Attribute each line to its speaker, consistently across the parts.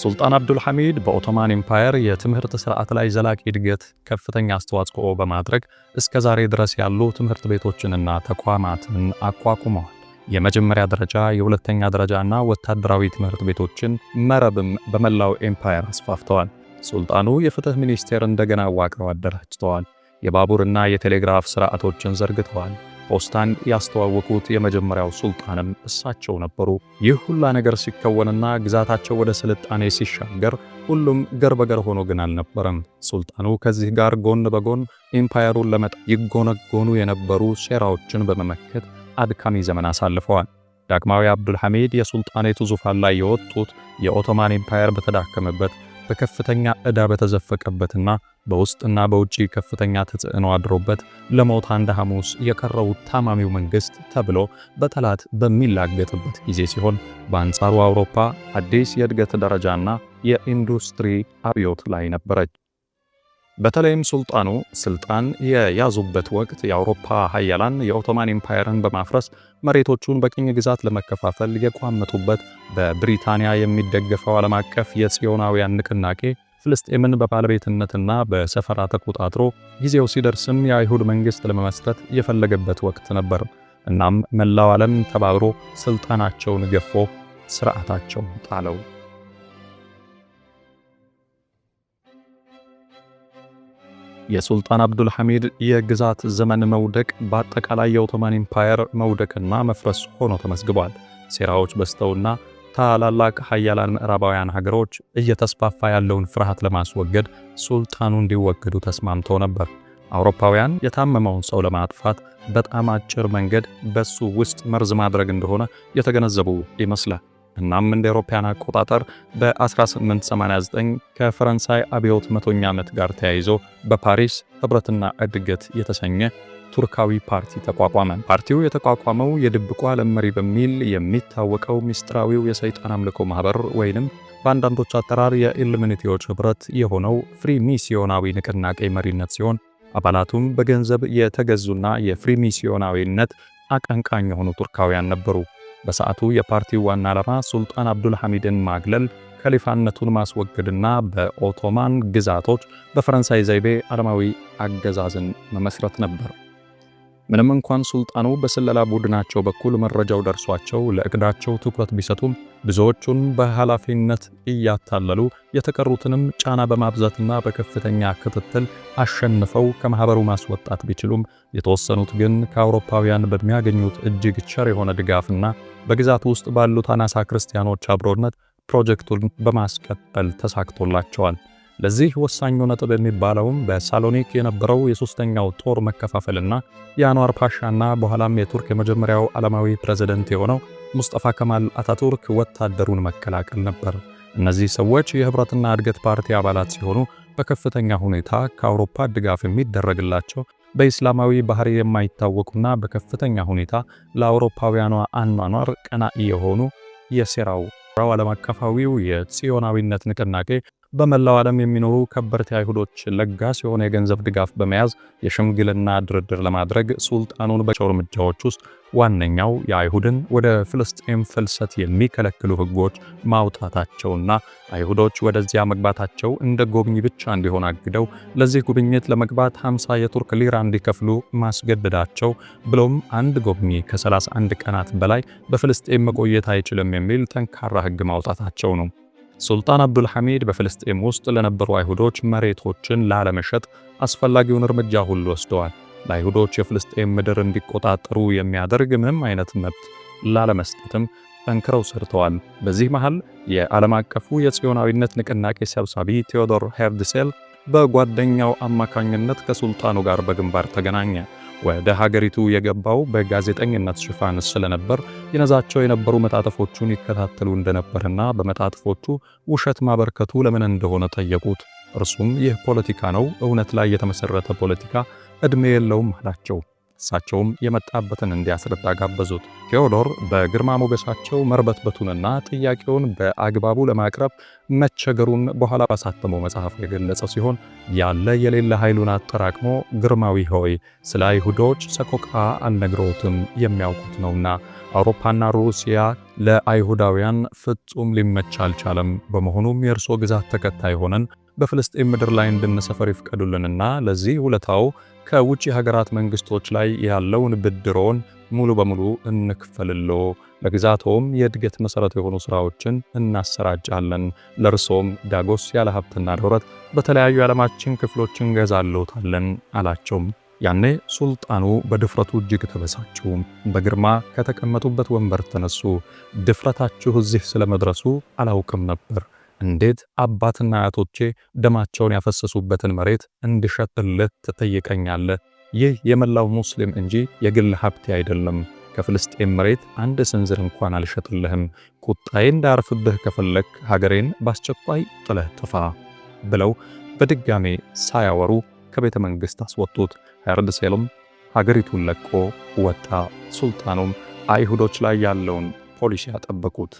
Speaker 1: ሱልጣን አብዱል ሐሚድ በኦቶማን ኤምፓየር የትምህርት ስርዓት ላይ ዘላቂ እድገት ከፍተኛ አስተዋጽኦ በማድረግ እስከ ዛሬ ድረስ ያሉ ትምህርት ቤቶችንና ተቋማትን አቋቁመዋል። የመጀመሪያ ደረጃ፣ የሁለተኛ ደረጃና ወታደራዊ ትምህርት ቤቶችን መረብም በመላው ኤምፓየር አስፋፍተዋል። ሱልጣኑ የፍትህ ሚኒስቴር እንደገና አዋቅረው አደራጅተዋል። የባቡርና የቴሌግራፍ ሥርዓቶችን ዘርግተዋል። ፖስታን ያስተዋወቁት የመጀመሪያው ሱልጣንም እሳቸው ነበሩ። ይህ ሁላ ነገር ሲከወንና ግዛታቸው ወደ ስልጣኔ ሲሻገር ሁሉም ገር በገር ሆኖ ግን አልነበረም። ሱልጣኑ ከዚህ ጋር ጎን በጎን ኢምፓየሩን ለመጣ ይጎነጎኑ የነበሩ ሴራዎችን በመመከት አድካሚ ዘመን አሳልፈዋል። ዳግማዊ አብዱልሐሚድ የሱልጣኔቱ ዙፋን ላይ የወጡት የኦቶማን ኢምፓየር በተዳከመበት በከፍተኛ ዕዳ በተዘፈቀበትና በውስጥና በውጪ ከፍተኛ ተጽዕኖ አድሮበት ለሞት አንድ ሐሙስ የቀረው ታማሚው መንግሥት ተብሎ በጠላት በሚላገጥበት ጊዜ ሲሆን፣ በአንጻሩ አውሮፓ አዲስ የእድገት ደረጃና የኢንዱስትሪ አብዮት ላይ ነበረች። በተለይም ሱልጣኑ ስልጣን የያዙበት ወቅት የአውሮፓ ሀያላን የኦቶማን ኢምፓየርን በማፍረስ መሬቶቹን በቅኝ ግዛት ለመከፋፈል የቋመጡበት በብሪታንያ የሚደገፈው ዓለም አቀፍ የጽዮናውያን ንቅናቄ ፍልስጤምን በባለቤትነትና በሰፈራ ተቆጣጥሮ ጊዜው ሲደርስም የአይሁድ መንግሥት ለመመስረት የፈለገበት ወቅት ነበር። እናም መላው ዓለም ተባብሮ ስልጣናቸውን ገፎ ስርዓታቸውን ጣለው። የሱልጣን አብዱል ሐሚድ የግዛት ዘመን መውደቅ በአጠቃላይ የኦቶማን ኢምፓየር መውደቅና መፍረስ ሆኖ ተመዝግቧል። ሴራዎች በዝተውና ታላላቅ ሀያላን ምዕራባውያን ሀገሮች እየተስፋፋ ያለውን ፍርሃት ለማስወገድ ሱልጣኑ እንዲወገዱ ተስማምተው ነበር። አውሮፓውያን የታመመውን ሰው ለማጥፋት በጣም አጭር መንገድ በሱ ውስጥ መርዝ ማድረግ እንደሆነ የተገነዘቡ ይመስላል። እናም እንደ አውሮፓውያን አቆጣጠር በ1889 ከፈረንሳይ አብዮት መቶኛ ዓመት ጋር ተያይዞ በፓሪስ ኅብረትና ዕድገት የተሰኘ ቱርካዊ ፓርቲ ተቋቋመ። ፓርቲው የተቋቋመው የድብቁ ዓለም መሪ በሚል የሚታወቀው ምስጢራዊው የሰይጣን አምልኮ ማኅበር ወይንም በአንዳንዶች አጠራር የኢልሚኒቲዎች ኅብረት የሆነው ፍሪ ሚስዮናዊ ንቅናቄ መሪነት ሲሆን አባላቱም በገንዘብ የተገዙና የፍሪ ሚስዮናዊነት አቀንቃኝ የሆኑ ቱርካውያን ነበሩ። በሰዓቱ የፓርቲው ዋና ዓላማ ሱልጣን አብዱል ሐሚድን ማግለል ከሊፋነቱን ማስወገድና በኦቶማን ግዛቶች በፈረንሳይ ዘይቤ ዓለማዊ አገዛዝን መመስረት ነበር። ምንም እንኳን ሱልጣኑ በስለላ ቡድናቸው በኩል መረጃው ደርሷቸው ለእቅዳቸው ትኩረት ቢሰጡም ብዙዎቹን በኃላፊነት እያታለሉ የተቀሩትንም ጫና በማብዛትና በከፍተኛ ክትትል አሸንፈው ከማኅበሩ ማስወጣት ቢችሉም የተወሰኑት ግን ከአውሮፓውያን በሚያገኙት እጅግ ቸር የሆነ ድጋፍና በግዛት ውስጥ ባሉት አናሳ ክርስቲያኖች አብሮነት ፕሮጀክቱን በማስቀጠል ተሳክቶላቸዋል። ለዚህ ወሳኙ ነጥብ የሚባለውም በሳሎኒክ የነበረው የሶስተኛው ጦር መከፋፈልና የአንዋር ፓሻና በኋላም የቱርክ የመጀመሪያው ዓለማዊ ፕሬዝደንት የሆነው ሙስጠፋ ከማል አታቱርክ ወታደሩን መቀላቀል ነበር። እነዚህ ሰዎች የህብረትና እድገት ፓርቲ አባላት ሲሆኑ በከፍተኛ ሁኔታ ከአውሮፓ ድጋፍ የሚደረግላቸው በኢስላማዊ ባህሪ የማይታወቁና በከፍተኛ ሁኔታ ለአውሮፓውያኗ አኗኗር ቀናኢ የሆኑ የሴራው ዓለም አቀፋዊው የጽዮናዊነት ንቅናቄ በመላው ዓለም የሚኖሩ ከበርቴ አይሁዶች ለጋስ የሆነ የገንዘብ ድጋፍ በመያዝ የሽምግልና ድርድር ለማድረግ ሱልጣኑን በቸው እርምጃዎች ውስጥ ዋነኛው የአይሁድን ወደ ፍልስጤም ፍልሰት የሚከለክሉ ሕጎች ማውጣታቸውና አይሁዶች ወደዚያ መግባታቸው እንደ ጎብኝ ብቻ እንዲሆን አግደው ለዚህ ጉብኝት ለመግባት 50 የቱርክ ሊራ እንዲከፍሉ ማስገደዳቸው ብሎም አንድ ጎብኚ ከ31 ቀናት በላይ በፍልስጤም መቆየት አይችልም የሚል ጠንካራ ሕግ ማውጣታቸው ነው። ሱልጣን አብዱል ሐሚድ በፍልስጤም ውስጥ ለነበሩ አይሁዶች መሬቶችን ላለመሸጥ አስፈላጊውን እርምጃ ሁሉ ወስደዋል። ለአይሁዶች የፍልስጤም ምድር እንዲቆጣጠሩ የሚያደርግ ምንም አይነት መብት ላለመስጠትም ጠንክረው ሰርተዋል። በዚህ መሃል የዓለም አቀፉ የጽዮናዊነት ንቅናቄ ሰብሳቢ ቴዎዶር ሄርድሴል በጓደኛው አማካኝነት ከሱልጣኑ ጋር በግንባር ተገናኘ። ወደ ሀገሪቱ የገባው በጋዜጠኝነት ሽፋን ስለነበር ይነዛቸው የነበሩ መጣጥፎቹን ይከታተሉ እንደነበርና በመጣጥፎቹ ውሸት ማበርከቱ ለምን እንደሆነ ጠየቁት። እርሱም ይህ ፖለቲካ ነው፣ እውነት ላይ የተመሰረተ ፖለቲካ፣ ዕድሜ የለውም አላቸው። እሳቸውም የመጣበትን እንዲያስረዳ ጋበዙት። ቴዎዶር በግርማ ሞገሳቸው መርበትበቱንና ጥያቄውን በአግባቡ ለማቅረብ መቸገሩን በኋላ ባሳተመው መጽሐፍ የገለጸ ሲሆን ያለ የሌለ ኃይሉን አጠራቅሞ ግርማዊ ሆይ ስለ አይሁዶች ሰቆቃ አልነግረውትም የሚያውቁት ነውና አውሮፓና ሩሲያ ለአይሁዳውያን ፍጹም ሊመች አልቻለም። በመሆኑም የእርሶ ግዛት ተከታይ ሆነን በፍልስጤም ምድር ላይ እንድንሰፈር ይፍቀዱልንና ለዚህ ውለታው ከውጭ ሀገራት መንግስቶች ላይ ያለውን ብድሮን ሙሉ በሙሉ እንክፈልሎ ለግዛቶም የእድገት መሰረት የሆኑ ስራዎችን እናሰራጫለን፣ ለእርሶም ዳጎስ ያለ ሀብትና ንብረት በተለያዩ የዓለማችን ክፍሎች እንገዛለታለን አላቸውም። ያኔ ሱልጣኑ በድፍረቱ እጅግ ተበሳጩ። በግርማ ከተቀመጡበት ወንበር ተነሱ። ድፍረታችሁ እዚህ ስለመድረሱ አላውቅም ነበር እንዴት አባትና አያቶቼ ደማቸውን ያፈሰሱበትን መሬት እንድሸጥልህ ትጠይቀኛለህ? ይህ የመላው ሙስሊም እንጂ የግል ሀብቴ አይደለም። ከፍልስጤም መሬት አንድ ስንዝር እንኳን አልሸጥልህም። ቁጣዬ እንዳያርፍብህ ከፈለግ ሀገሬን በአስቸኳይ ጥለህ ጥፋ ብለው በድጋሜ ሳያወሩ ከቤተ መንግሥት አስወጡት። ሄርድ ሴልም ሀገሪቱን ለቆ ወጣ። ሱልጣኑም አይሁዶች ላይ ያለውን ፖሊሲ ያጠበቁት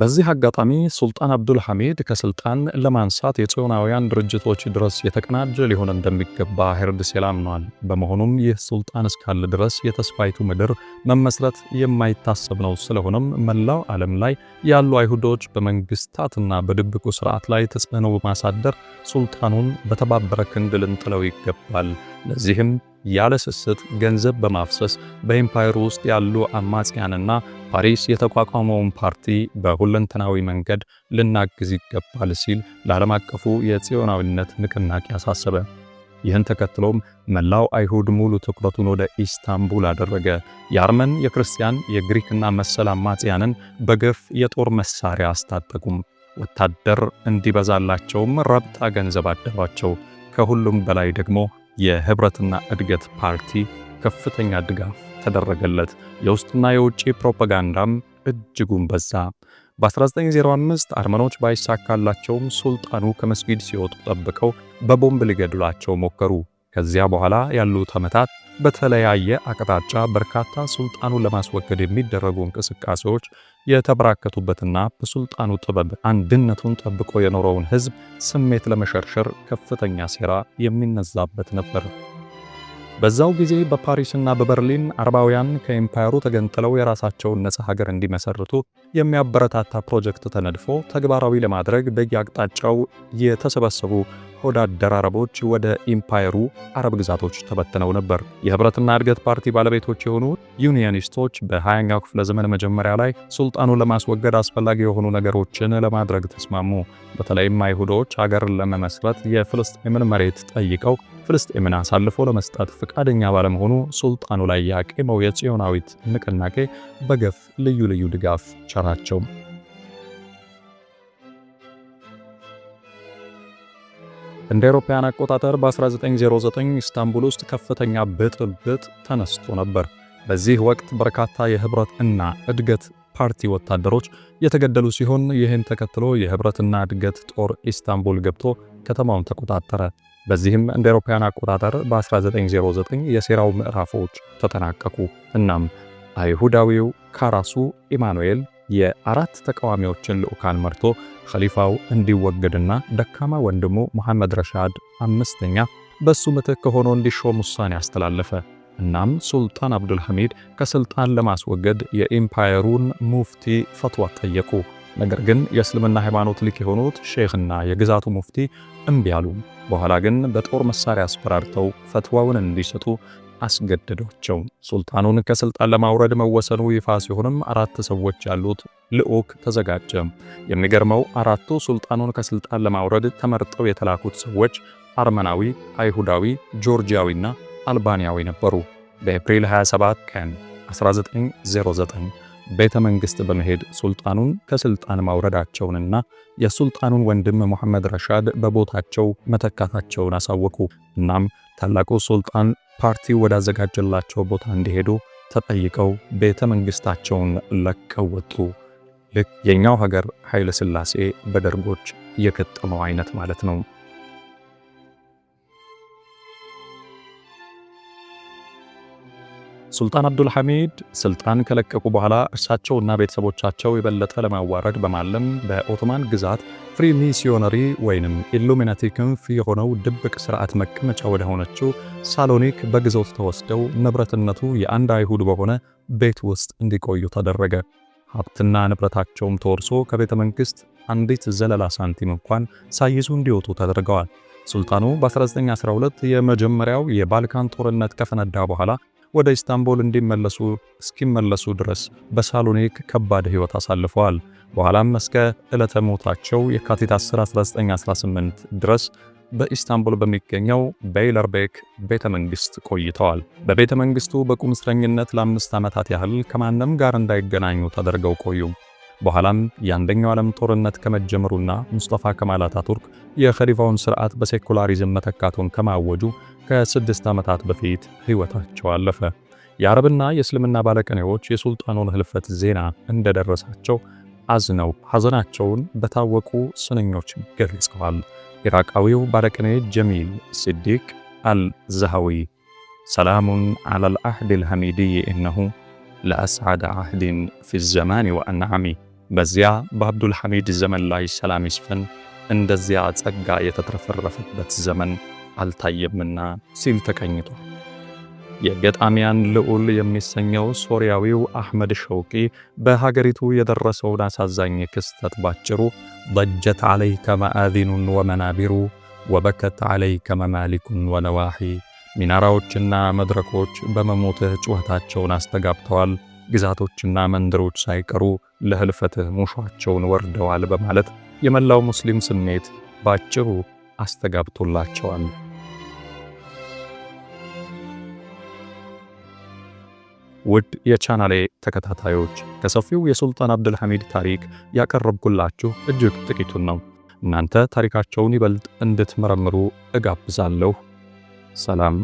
Speaker 1: በዚህ አጋጣሚ ሱልጣን አብዱል ሐሚድ ከስልጣን ለማንሳት የጽዮናውያን ድርጅቶች ድረስ የተቀናጀ ሊሆን እንደሚገባ ሄርድሴል አምኗል። በመሆኑም ይህ ሱልጣን እስካለ ድረስ የተስፋይቱ ምድር መመስረት የማይታሰብ ነው። ስለሆነም መላው ዓለም ላይ ያሉ አይሁዶች በመንግስታትና በድብቁ ስርዓት ላይ ተጽዕኖ በማሳደር ሱልጣኑን በተባበረ ክንድ ልንጥለው ይገባል። ለዚህም ያለ ስስት ገንዘብ በማፍሰስ በኤምፓየሩ ውስጥ ያሉ አማጽያንና ፓሪስ የተቋቋመውን ፓርቲ በሁለንተናዊ መንገድ ልናግዝ ይገባል ሲል ለዓለም አቀፉ የጽዮናዊነት ንቅናቄ አሳሰበ። ይህን ተከትሎም መላው አይሁድ ሙሉ ትኩረቱን ወደ ኢስታንቡል አደረገ። የአርመን፣ የክርስቲያን፣ የግሪክና መሰል አማጽያንን በግፍ የጦር መሳሪያ አስታጠቁም። ወታደር እንዲበዛላቸውም ረብጣ ገንዘብ አደሏቸው። ከሁሉም በላይ ደግሞ የህብረትና እድገት ፓርቲ ከፍተኛ ድጋፍ ተደረገለት። የውስጥና የውጭ ፕሮፓጋንዳም እጅጉን በዛ። በ1905 አርመኖች ባይሳካላቸውም ሱልጣኑ ከመስጊድ ሲወጡ ጠብቀው በቦምብ ሊገድሏቸው ሞከሩ። ከዚያ በኋላ ያሉት ዓመታት በተለያየ አቅጣጫ በርካታ ሱልጣኑን ለማስወገድ የሚደረጉ እንቅስቃሴዎች የተበራከቱበትና በሱልጣኑ ጥበብ አንድነቱን ጠብቆ የኖረውን ሕዝብ ስሜት ለመሸርሸር ከፍተኛ ሴራ የሚነዛበት ነበር። በዛው ጊዜ በፓሪስና በበርሊን አረባውያን ከኤምፓየሩ ተገንጥለው የራሳቸውን ነፃ ሀገር እንዲመሰርቱ የሚያበረታታ ፕሮጀክት ተነድፎ ተግባራዊ ለማድረግ በየአቅጣጫው የተሰበሰቡ የሆድ አደራረቦች ወደ ኢምፓየሩ አረብ ግዛቶች ተበትነው ነበር። የህብረትና እድገት ፓርቲ ባለቤቶች የሆኑት ዩኒየኒስቶች በ20ኛው ክፍለ ዘመን መጀመሪያ ላይ ሱልጣኑን ለማስወገድ አስፈላጊ የሆኑ ነገሮችን ለማድረግ ተስማሙ። በተለይም አይሁዶች ሀገርን ለመመስረት የፍልስጤምን መሬት ጠይቀው ፍልስጤምን አሳልፎ ለመስጠት ፈቃደኛ ባለመሆኑ ሱልጣኑ ላይ ያቄመው የጽዮናዊት ንቅናቄ በገፍ ልዩ ልዩ ድጋፍ ቸራቸው። እንደ አውሮፓውያን አቆጣጠር በ1909 ኢስታንቡል ውስጥ ከፍተኛ ብጥብጥ ተነስቶ ነበር። በዚህ ወቅት በርካታ የህብረት እና እድገት ፓርቲ ወታደሮች የተገደሉ ሲሆን ይህን ተከትሎ የህብረትና እድገት ጦር ኢስታንቡል ገብቶ ከተማውን ተቆጣጠረ። በዚህም እንደ አውሮፓውያን አቆጣጠር በ1909 የሴራው ምዕራፎች ተጠናቀቁ። እናም አይሁዳዊው ካራሱ ኢማኑኤል የአራት ተቃዋሚዎችን ልዑካን መርቶ ኸሊፋው እንዲወገድና ደካማ ወንድሙ መሐመድ ረሻድ አምስተኛ በሱ ምትክ ሆኖ እንዲሾም ውሳኔ አስተላለፈ። እናም ሱልጣን አብዱልሐሚድ ከስልጣን ለማስወገድ የኢምፓየሩን ሙፍቲ ፈትዋ ጠየቁ። ነገር ግን የእስልምና ሃይማኖት ሊቅ የሆኑት ሼኽና የግዛቱ ሙፍቲ እምቢ አሉ። በኋላ ግን በጦር መሳሪያ አስፈራርተው ፈትዋውን እንዲሰጡ አስገደዷቸው። ሱልጣኑን ከስልጣን ለማውረድ መወሰኑ ይፋ ሲሆንም አራት ሰዎች ያሉት ልዑክ ተዘጋጀ። የሚገርመው አራቱ ሱልጣኑን ከስልጣን ለማውረድ ተመርጠው የተላኩት ሰዎች አርመናዊ፣ አይሁዳዊ፣ ጆርጂያዊና አልባንያዊ ነበሩ። በኤፕሪል 27 ቀን 1909 ቤተ መንግሥት በመሄድ ሱልጣኑን ከስልጣን ማውረዳቸውንና የሱልጣኑን ወንድም መሐመድ ረሻድ በቦታቸው መተካታቸውን አሳወቁ። እናም ታላቁ ሱልጣን ፓርቲው ወዳዘጋጀላቸው ቦታ እንዲሄዱ ተጠይቀው ቤተ መንግሥታቸውን ለቀው ወጡ። ልክ የእኛው ሀገር ኃይለ ሥላሴ በደርጎች የገጠመው አይነት ማለት ነው። ሱልጣን አብዱል ሐሚድ ስልጣን ከለቀቁ በኋላ እርሳቸውና ቤተሰቦቻቸው የበለጠ ለማዋረድ በማለም በኦቶማን ግዛት ፍሪ ሚስዮነሪ ወይንም ኢሉሚናቲ ክንፍ የሆነው ድብቅ ስርዓት መቀመጫ ወደ ሆነችው ሳሎኒክ በግዞት ተወስደው ንብረትነቱ የአንድ አይሁድ በሆነ ቤት ውስጥ እንዲቆዩ ተደረገ። ሀብትና ንብረታቸውም ተወርሶ ከቤተ መንግሥት አንዲት ዘለላ ሳንቲም እንኳን ሳይዙ እንዲወጡ ተደርገዋል። ሱልጣኑ በ1912 የመጀመሪያው የባልካን ጦርነት ከፈነዳ በኋላ ወደ ኢስታንቡል እንዲመለሱ እስኪመለሱ ድረስ በሳሎኒክ ከባድ ሕይወት አሳልፈዋል። በኋላም እስከ ዕለተ ሞታቸው የካቲት 10 1918 ድረስ በኢስታንቡል በሚገኘው በይለርቤክ ቤተ መንግሥት ቆይተዋል። በቤተ መንግሥቱ በቁም እስረኝነት ለአምስት ዓመታት ያህል ከማንም ጋር እንዳይገናኙ ተደርገው ቆዩ። በኋላም የአንደኛው ዓለም ጦርነት ከመጀመሩና ሙስጠፋ ከማል አታቱርክ የኸሊፋውን ሥርዓት በሴኩላሪዝም መተካቱን ከማወጁ ከስድስት ዓመታት በፊት ሕይወታቸው አለፈ። የአረብና የእስልምና ባለቅኔዎች የሱልጣኑን ህልፈት ዜና እንደደረሳቸው አዝነው ሐዘናቸውን በታወቁ ስንኞች ገልጸዋል። ኢራቃዊው ባለቅኔ ጀሚል ሲዲቅ አልዛሃዊ ሰላሙን ዐለል አህድ አልሐሚድይ እነሁ ለአስዓደ አህድን ፊ ዘማኒ ወአንዓሚ በዚያ በአብዱል ሐሚድ ዘመን ላይ ሰላም ይስፈን እንደዚያ ጸጋ የተትረፈረፈበት ዘመን አልታየምና ሲል ተቀኝቷል። የገጣሚያን ልዑል የሚሰኘው ሶርያዊው አሕመድ ሸውቂ በሀገሪቱ የደረሰውን አሳዛኝ ክስተት ባጭሩ ضجت عليك مآذن ومنابر وبكت عليك ممالك ونواحي ሚናራዎችና መድረኮች በመሞትህ ጩኸታቸውን አስተጋብተዋል ግዛቶችና መንደሮች ሳይቀሩ ለህልፈትህ ሙሿቸውን ወርደዋል በማለት የመላው ሙስሊም ስሜት ባጭሩ አስተጋብቶላቸዋል። ውድ የቻናሌ ተከታታዮች ከሰፊው የሱልጣን አብዱልሐሚድ ታሪክ ያቀረብኩላችሁ እጅግ ጥቂቱን ነው። እናንተ ታሪካቸውን ይበልጥ እንድትመረምሩ እጋብዛለሁ። ሰላም።